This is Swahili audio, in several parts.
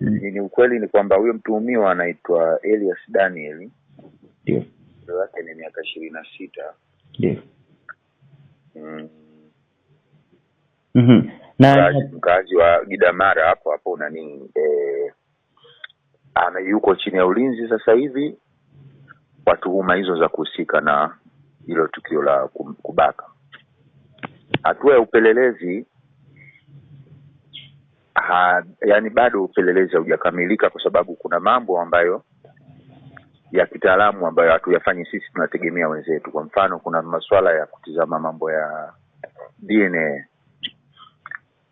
Mm. ni ukweli ni kwamba huyo mtuhumiwa anaitwa Elias Daniel, ndio wake ni miaka ishirini na sita. Mm. Mm-hmm. mkaazi wa Gidamara hapo hapo nani eh, ana yuko chini ya ulinzi sasa hivi kwa tuhuma hizo za kuhusika na hilo tukio la kubaka. Hatua ya upelelezi ha, ah, yani bado upelelezi haujakamilika kwa sababu kuna mambo ambayo ya kitaalamu ambayo hatuyafanyi sisi, tunategemea wenzetu. Kwa mfano, kuna masuala ya kutizama mambo ya DNA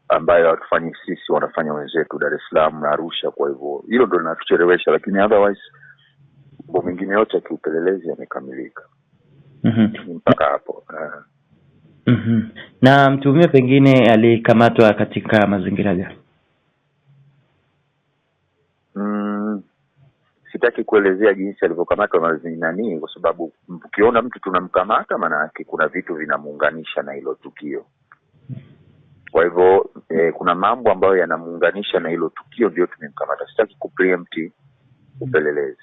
ambayo hatufanyi sisi, wanafanya wenzetu Dar es Salaam na Arusha. Kwa hivyo hilo ndo linatucherewesha lakini otherwise mambo mengine yote ya kiupelelezi yamekamilika. mm -hmm. mpaka hapo uh. mm -hmm. na mtuhumiwa pengine alikamatwa katika mazingira gani? sitaki kuelezea jinsi alivyokamatwa na kwa sababu ukiona mtu tunamkamata, maana yake kuna vitu vinamuunganisha na hilo tukio. Kwa hivyo eh, kuna mambo ambayo yanamuunganisha na hilo tukio, ndio tumemkamata. Sitaki ku upelelezi.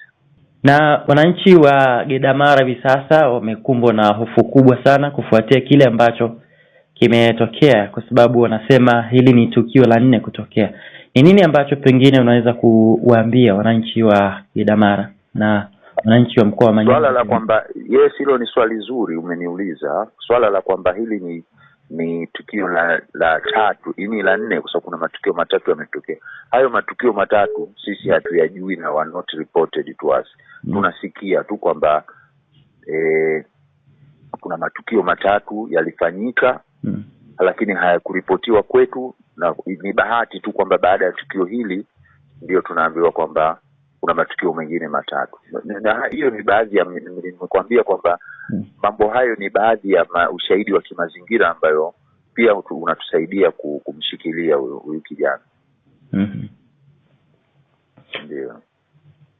Na wananchi wa Gedamara hivi sasa wamekumbwa na hofu kubwa sana kufuatia kile ambacho kimetokea, kwa sababu wanasema hili ni tukio la nne kutokea. Ni nini ambacho pengine unaweza kuwaambia wananchi wa Idamara na wananchi wa mkoa wa Manyara? Swala la kwamba yes, hilo ni swali zuri umeniuliza. Swala la kwamba hili ni ni tukio la la tatu ini la nne, kwa sababu kuna matukio matatu yametokea. Hayo matukio matatu sisi hatuyajui na were not reported to us. Mm. Tunasikia tu kwamba e, kuna matukio matatu yalifanyika mm, lakini hayakuripotiwa kwetu na ni bahati tu kwamba baada ya tukio hili ndio tunaambiwa kwamba kuna matukio mengine matatu, na hiyo ni baadhi ya nimekuambia kwamba hmm. mambo hayo ni baadhi ya ma, ushahidi wa kimazingira ambayo pia unatusaidia kumshikilia huyu kijana mm -hmm. Ndio.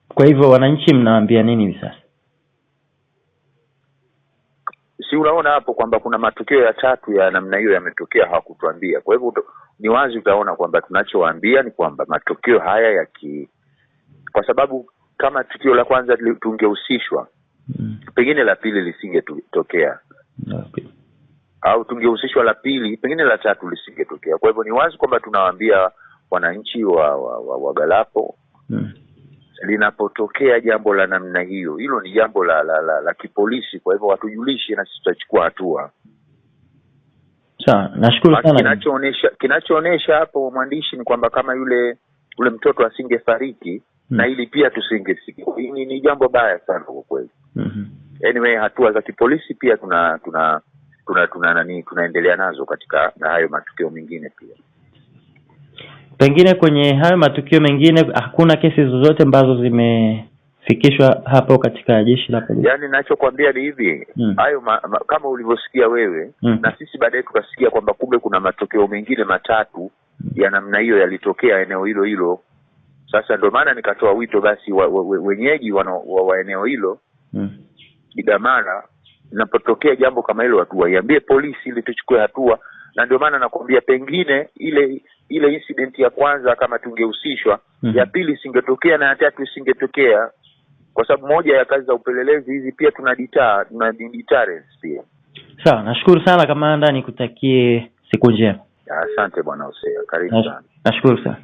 Kwa hivyo wananchi mnawambia nini sasa? si unaona hapo kwamba kuna matukio ya tatu ya namna hiyo yametokea, hawakutuambia. Kwa hivyo ni wazi, utaona kwamba tunachowaambia ni kwamba matukio haya ki kwa sababu kama tukio la kwanza tungehusishwa mm. pengine la pili lisingetokea okay. au tungehusishwa la pili, pengine la tatu lisingetokea. Kwa hivyo ni wazi kwamba tunawaambia wananchi wa, wa, wa, wa Galapo mm linapotokea jambo la namna hiyo, hilo ni jambo la la, la, la kipolisi. Kwa hivyo watujulishe na sisi tutachukua hatua. Sawa, nashukuru sana. Kinachoonesha kinachoonesha hapo mwandishi ni kwamba kama yule yule mtoto asingefariki hmm. na ili pia tusingesikia. Ni, ni jambo baya sana kwa kweli hmm. Anyway, hatua za kipolisi pia tuna tuna tuna tuna nani tunaendelea nazo katika na hayo matukio mengine pia. Pengine kwenye hayo matukio mengine hakuna kesi zozote ambazo zimefikishwa hapo katika jeshi la polisi. Yaani ninachokwambia ni hivi hmm. hayo mm. kama ulivyosikia wewe mm. na sisi baadaye tukasikia kwamba kumbe kuna matokeo mengine matatu mm. ya namna hiyo yalitokea eneo hilo hilo. Sasa ndio maana nikatoa wito basi wa, wa, wa, wenyeji wa, wa, wa eneo hilo mm. Idamara, inapotokea jambo kama hilo, watu iambie polisi ili tuchukue hatua, na ndio maana nakwambia pengine ile ile incident ya kwanza kama tungehusishwa mm -hmm. ya pili isingetokea na ya tatu isingetokea kwa sababu moja ya kazi za upelelezi hizi pia tuna tuna deterrence pia sawa nashukuru sana kamanda nikutakie siku njema asante bwana Hosea karibu sana nashukuru sana